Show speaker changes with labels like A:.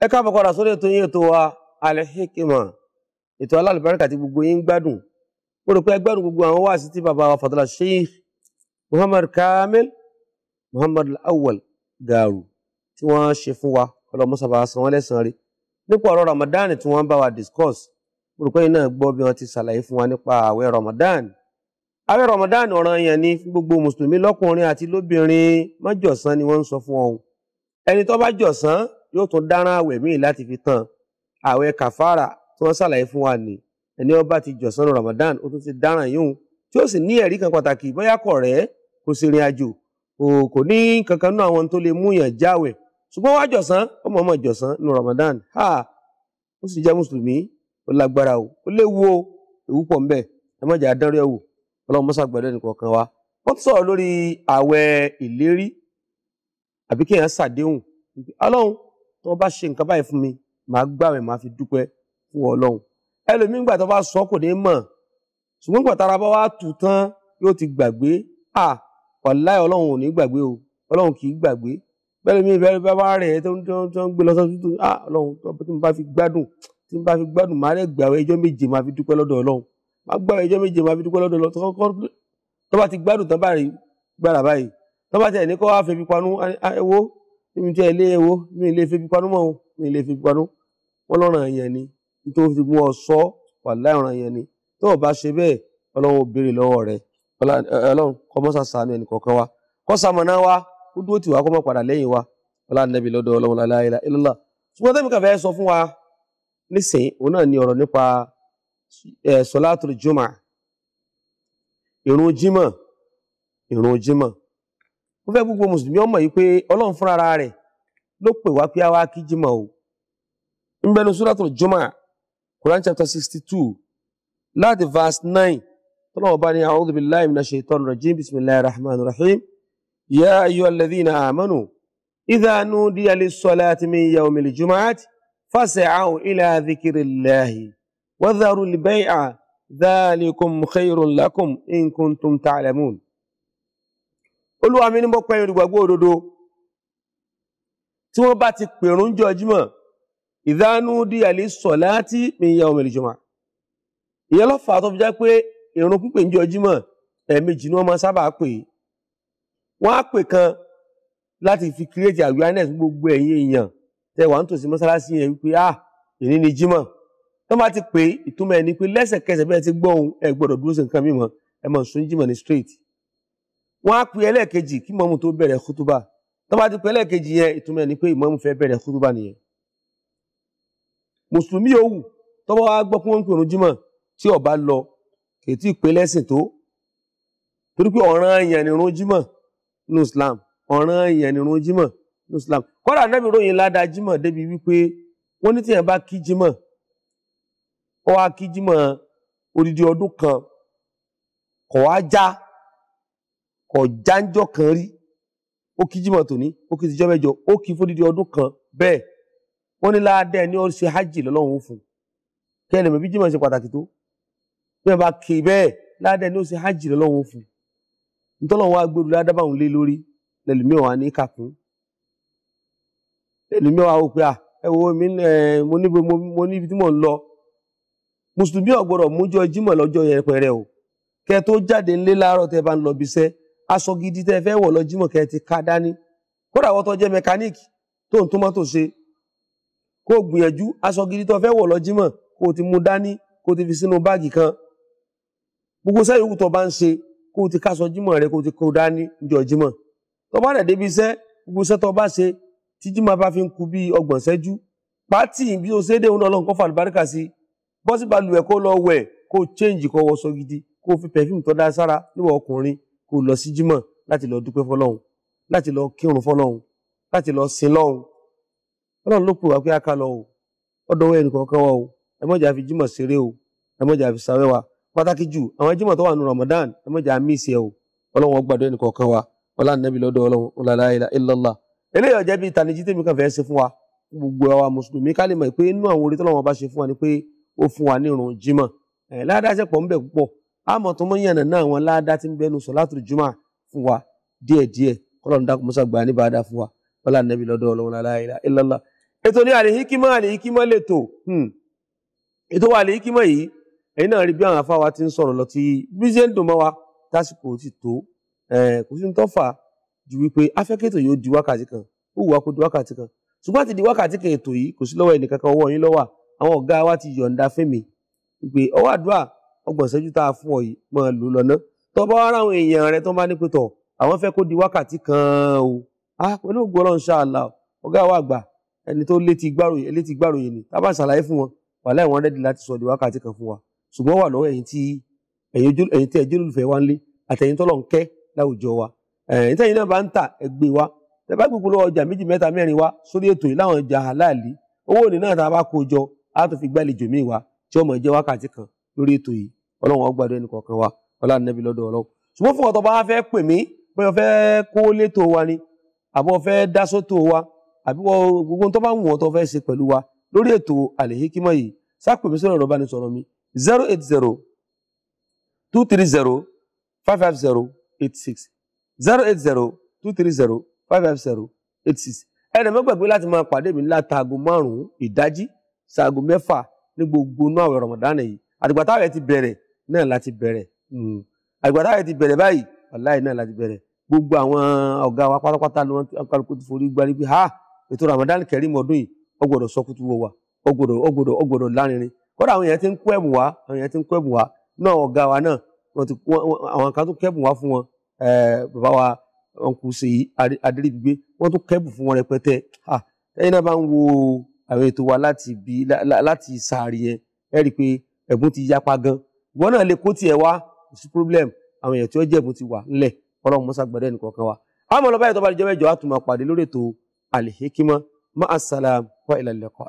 A: ẹ káàbọ̀ padà sórí ètò yín ètò wa Al-Hikmat ètò alálùbáríkà tí gbogbo yín gbádùn ó rò pé ẹgbẹ́rún gbogbo àwọn wáàsí tí bàbá wa Fadila Sheikh Muhammad Kamil Muhammad Awwal Garu tí wọ́n ṣe fún wa ọlọ́mọsàbà san wọ́n lẹ́sàn-án rí nípa ọ̀rọ̀ Ramadan tí wọ́n bá wa discuss ó rò pé yín náà gbọ́ bí wọ́n ti ṣàlàyé fún wa nípa àwẹ̀ Ramadan àwẹ̀ Ramadan ọ̀ràn yẹn ni gbogbo mùsùlùmí lọ́kùnrin àti lóbìnrin májọ̀sán ni wọ́n ń sọ fún ọ ẹni tó bá jọ̀sán yóò tún dáràn àwẹ̀ míì láti fi tán àwẹ̀ kàfàrà tí wọ́n ṣàlàyé fún wa ní ẹni ó ti jọ̀sán Ramadan ó tún ti dáràn yóò tí ó sì ní ẹ̀rí kan pàtàkì bóyá kọ̀ rẹ̀ kò sì rìn àjò kò ní kankan náà àwọn tó lè múyàn jáwẹ̀ ṣùgbọ́n wá jọ̀sán ó mọ̀ọ́mọ̀ jọ̀sán ní Ramadan ha ó sì jẹ́ mùsùlùmí ó lágbára o ó léwu o ewu pọ̀ ńbẹ ẹ má jẹ́ adánrẹ́ wò ọlọ́run mọ́sá gbọ́dọ̀ nìkan kan wa wọ́n ti sọ̀rọ̀ ọlọ́run tó bá ṣe nǹkan báyìí fún mi màá gbàwẹ̀ màá fi dúpẹ́ fún ọlọ́run ẹlòmíín gbà tó bá sọ kò ní mọ̀ ṣùgbọ́n gbà tára bá wá tù tán yóò ti gbàgbé à wàláì ọlọ́run ò ní gbàgbé o ọlọ́run kì í gbàgbé bẹ́ẹ̀ mi bẹ́ẹ̀ bá rẹ̀ tó ń gbé lọ sọ́dún tó à ọlọ́run tí mo bá fi gbádùn tí mo bá fi gbádùn màá rẹ̀ gbàwẹ̀ ẹjọ́ méje màá fi dúpẹ́ lọ́dọ̀ ọlọ́run màá gbàwẹ̀ ẹjọ́ méje màá fi dúpẹ́ lọ́dọ̀ ọlọ́run tó bá ti gbádùn tán báyìí gbára báyìí tó bá ti ẹ̀ ní kó wá fẹ́ fi panú ẹ wo níbi tí ẹ lé ewo mi ì fi pípanú mọ́ o mi ì lè fi pípanú wọn lọ́ràn yẹn ni nítorí fi mú ọ sọ wà láìràn yẹn ni tó o bá ṣe bẹ́ẹ̀ ọlọ́run ò béèrè lọ́wọ́ rẹ ọlọ́run kọ́ mọ́sá sànú ẹnì kọ̀ọ̀kan wa kọ́ sàmọ̀nà wa kó dúró tì wá kó má padà lẹ́yìn wa ọlá nàbì lọ́dọ̀ ọlọ́run láláìlá ìlọ́lá ṣùgbọ́n tẹ́mi kàfẹ́ sọ fún wa nísìnyí òun náà ni ọ̀rọ̀ mo fẹ́ gbogbo mùsùlùmí ọmọ yìí pé ọlọ́run fúnra rẹ̀ ló pè wá pé àwa kí jímọ̀ o ń bẹnu suratul Jumu'ah Quran chapter sixty two láti verse nine tọ́lọ́wọ́ bá ní a'udhu billahi minash shaitanir rajim bismillahir rahmanir rahim ya ayyuhal ladhina amanu idha nudiya lis-salati min yawmil jumu'ati fas'aw ila dhikrillahi wa dharul bay'a dhalikum khayrun lakum in kuntum ta'lamun olúwa mi ní mo pẹ́yìn olùgbàgbọ́ òdodo tí wọ́n bá ti pèrún jọ jímọ̀ ìdánú di àlè sọ̀ láti ìyá ọmọ ìlìjọba ìyẹn lọ́fà tó fi jẹ́ pé ìrun pípé ń jọ jímọ̀ ẹ̀ẹ̀mejì ni wọ́n máa sábà pè é wọ́n á pè kan láti fi create awareness gbogbo ẹ̀yin èèyàn tẹ wà nítòsí mọ́sálásí yẹn wípé ah èyí ni jímọ̀ tó bá ti pè é ìtumọ̀ ẹ̀ pé lẹ́sẹ̀kẹsẹ̀ bẹ́ẹ̀ ti gbọ́ ohun ẹ̀ gbọ́dọ̀ dúró sí nǹkan mímọ́ ẹ̀ mọ̀ sún jímọ̀ ní straight wọ́n á pe ẹlẹ́ẹ̀kejì kí mọ́mù tó bẹ̀rẹ̀ kútúbà tó bá ti pe ẹlẹ́ẹ̀kejì yẹn ìtumọ̀ ni pé ìmọ̀mù fẹ́ bẹ̀rẹ̀ kútúbà nìyẹn. mùsùlùmí yòówù tọ́wọ́ á gbọ́ pé wọ́n ń pè oníjúmọ̀ tí ó bá lọ kì í tí ì pé lẹ́sìn tó torí pé ọ̀ràn èèyàn ni irun jímọ̀ ní Islam ọ̀ràn èèyàn ni irun ní Islam kọ́dà náà bìí ròyìn ládàá jímọ̀ débi wípé wọ́n ní tíyẹn bá kí jímọ̀ ó wá kí jímọ̀ odidi ọdún kan kò wá já. kọ̀jánjọ́ kan rí ó kí jimoh tòní ó kí tìjọ́ mẹ́jọ ó kí ọdún kan bẹ́ẹ̀ wọ́n ní láàdá ní ó ṣe hajj lọ́lọ́run ó fún kẹ́ni mẹ́bí jimoh ṣe pàtàkì tó bẹ́ẹ̀ bá ké bẹ́ẹ̀ láàdá ẹni ó ṣe hajj lọ́lọ́run ó wá gbèrú lé lórí lẹ́lùmíọ̀ wá ní kàkún lẹ́lùmíọ̀ wá à ẹ wo mi mo níbi mo níbi tí mò ń lọ mùsùlùmí aṣọ gidi tẹ́ fẹ́ wọ̀ lọ jímọ̀ kẹ́ ti ká dání kódà wọ́n tó jẹ́ mẹkáníìkì tó ń tómọ́tò ṣe kó gbìyànjú aṣọ gidi tó fẹ́ wọ̀ lọ jímọ̀ kó o ti mú dání kó o ti fi sínú báàgì kan gbogbo sẹ́yìn òkú tó bá ń ṣe kó o ti káṣọ jímọ̀ rẹ kó ti kó dání níjọ́ jímọ̀ tó bá débi iṣẹ́ gbogbo iṣẹ́ tó bá ṣe tí jímọ̀ bá fi ń ku bí ọgbọ̀n ṣẹ́jú pàtì bí o ṣe dé òun náà lọ́n kó fàlùbáríkà sí bọ́sì balùwẹ̀ kó lọ wẹ̀ kó change kó wọṣọ gidi kó o fi perfume tó dá sára níwọ̀ ọkùnrin kó lọ sí jímọ̀ láti lọ dúpẹ́ fọ́lọ́run láti lọ kírun fọ́lọ́run láti lọ sin lọ́run Ọlọ́run ló pè wá pé aká lọ o ọ̀dọ̀ wẹ ẹnì kọ̀ọ̀kan wa o ẹ mọjà fi jímọ̀ ṣeré o ẹ mọjà fi sàwẹ wa pàtàkì jù àwọn jímọ̀ tó wà ní Ramadan ẹ mọjà mí ìsẹ o Ọlọ́run ó gbàdúrà ẹnì kọ̀ọ̀kan wa ọlá nàbí lọ́dọ̀ Ọlọ́run ọlọlá ilọlá eléyìí ọjẹ bíi ìtànìjí tèmi kan fẹ́ẹ́ ṣe fún wa gbogbo àwa mùsùlùmí ká lè mọ̀ pé inú àwọn orí tọ́lọ́run bá ṣe fún wa ni pé ó fún wa ní ìrun jímọ̀ ẹ ládàá ṣẹpọ ńbẹ púpọ̀ àmọ́ tó mọ́ yànnà náà wọn láàdá tí ń bẹnu solatul jumu'ah fún wa díẹ̀díẹ̀ kọ́lọ́n dákun mọ́sá gbà ní bàdá fún wa wọ́n là nẹ́bí lọ́dọ̀ ọlọ́run la ilaha illallah. ètò ní àlèhíkímọ́ àlèhíkímọ́ lètò hmm. ètò wa àlèhíkímọ́ yìí ẹ̀yin náà rí bí àwọn afáwa ti ń sọ̀rọ̀ lọ tí bí ṣe ń dùn mọ́ wa tásìkò ti tó kò sí ní tó fà ju wípé afẹ́kẹ́tọ̀ yóò di wákàtí kan ó wù wá kó di wákàtí kan ṣùgbọ́n àti di wákàtí kan ètò yìí kò sí lọ́wọ́ ẹnìkankan ọwọ́ yín lọ́wà àwọn ọ̀gá wa ti yọ̀ǹda fẹ́mi wípé ọwọ́ àdúrà ọgbọ̀n ìṣẹ́jú tá a fún ọ yìí máa lò lọ tó bá ara àwọn èèyàn rẹ tó bá ní pẹ́tọ̀ àwọn fẹ́ kó di wákàtí kan o pẹ̀lú ògbó ọlọ́run ṣáàlà ọ̀gá wa àgbà ẹni tó létí gbàròyìn létí gbàròyìn ni tábà ṣàlàyé fún wọn wà láì wọn rẹ́dí láti sọ di wákàtí kan fún wa ṣùgbọ́n wà lọ́wọ́ ẹ̀yin tí ẹ̀yin tí ẹ̀jẹ̀ olùfẹ́ wa ń lé àtẹ̀yin tọ́lọ̀ ń kẹ́ láwùjọ wa ẹ̀yin tẹ̀yin náà bá ń tà ẹgbẹ́ wa tẹ bá gbogbo ọjà méjì mẹ́ta mẹ́rin wa sórí ètò yìí láwọn ọjà aláàlí owó òní náà tá a bá kó jọ á tó fi gbàlejò míì wa lórí ètò yìí ọlọ́run ó gbàdúrà ẹnìkọ̀ọ̀kan wa ọlá nẹ́bí lọ́dọ̀ ọlọ́run ṣùgbọ́n fún ọ̀tọ̀ bá fẹ́ pè mí pé o fẹ́ kó létò wa ni àbọ̀ fẹ́ dá sótò wa àbí wọ́n gbogbo tó bá ń wọ̀n tó fẹ́ ṣe pẹ̀lú wa lórí ètò àlèhíkímọ̀ yìí sápè mí sọ̀rọ̀ bá ní sọ̀rọ̀ mi zero eight zero two three zero five five zero eight six zero eight zero two three zero five five zero eight six ẹnì mẹ́gbàgbé láti máa pàdé mi látàgò márùn-ún ìdájí ṣaago mẹ́fà ní gbogbo náà àwẹ̀ Ramadan yìí àdìgbà táwẹ̀ ti bẹ̀rẹ̀ náà láti bẹ̀rẹ̀ hmm. àgbàdo àyè ti bẹ̀rẹ̀ báyìí aláì náà láti bẹ̀rẹ̀ gbogbo àwọn ọ̀gá wa pátápátá ni wọ́n kálukú ti forí gbárí pé ha ètò Ramadan Kareem ọdún yìí ó gbọ́dọ̀ sọkútù wọ wa ó gbọ́dọ̀ ó gbọ́dọ̀ ó gbọ́dọ̀ lárinrin kódà àwọn èèyàn ti ń kó ẹ̀bùn wá àwọn èèyàn ti ń kó ẹ̀bùn wá náà ọ̀gá wa náà wọ́n ti àwọn kan tó kẹ́bùn wá fún wọn bàbá wa wọn kò ṣe adéríbigbé wọ́n tó kẹ́bùn fún wọn rẹpẹtẹ ẹ̀yin náà bá ń wo àwọn ètò wa láti bí láti sàárì yẹn ẹ rí i pé ẹ̀bùn ti yapa gan wọn náà lè kó tiẹ̀ wá kò sí problem àwọn èèyàn tí ó jẹ̀bù ti wà ńlẹ̀ ọlọ́run mọ́sá gbọ́dọ̀ ẹnìkọ̀ọ̀kan wa. àmọ́ lọ́ba yìí tó bá di jẹ́ mẹ́jọ á tún máa pàdé lórí ètò Al Hikmat ma'as salam wa ilal liqa.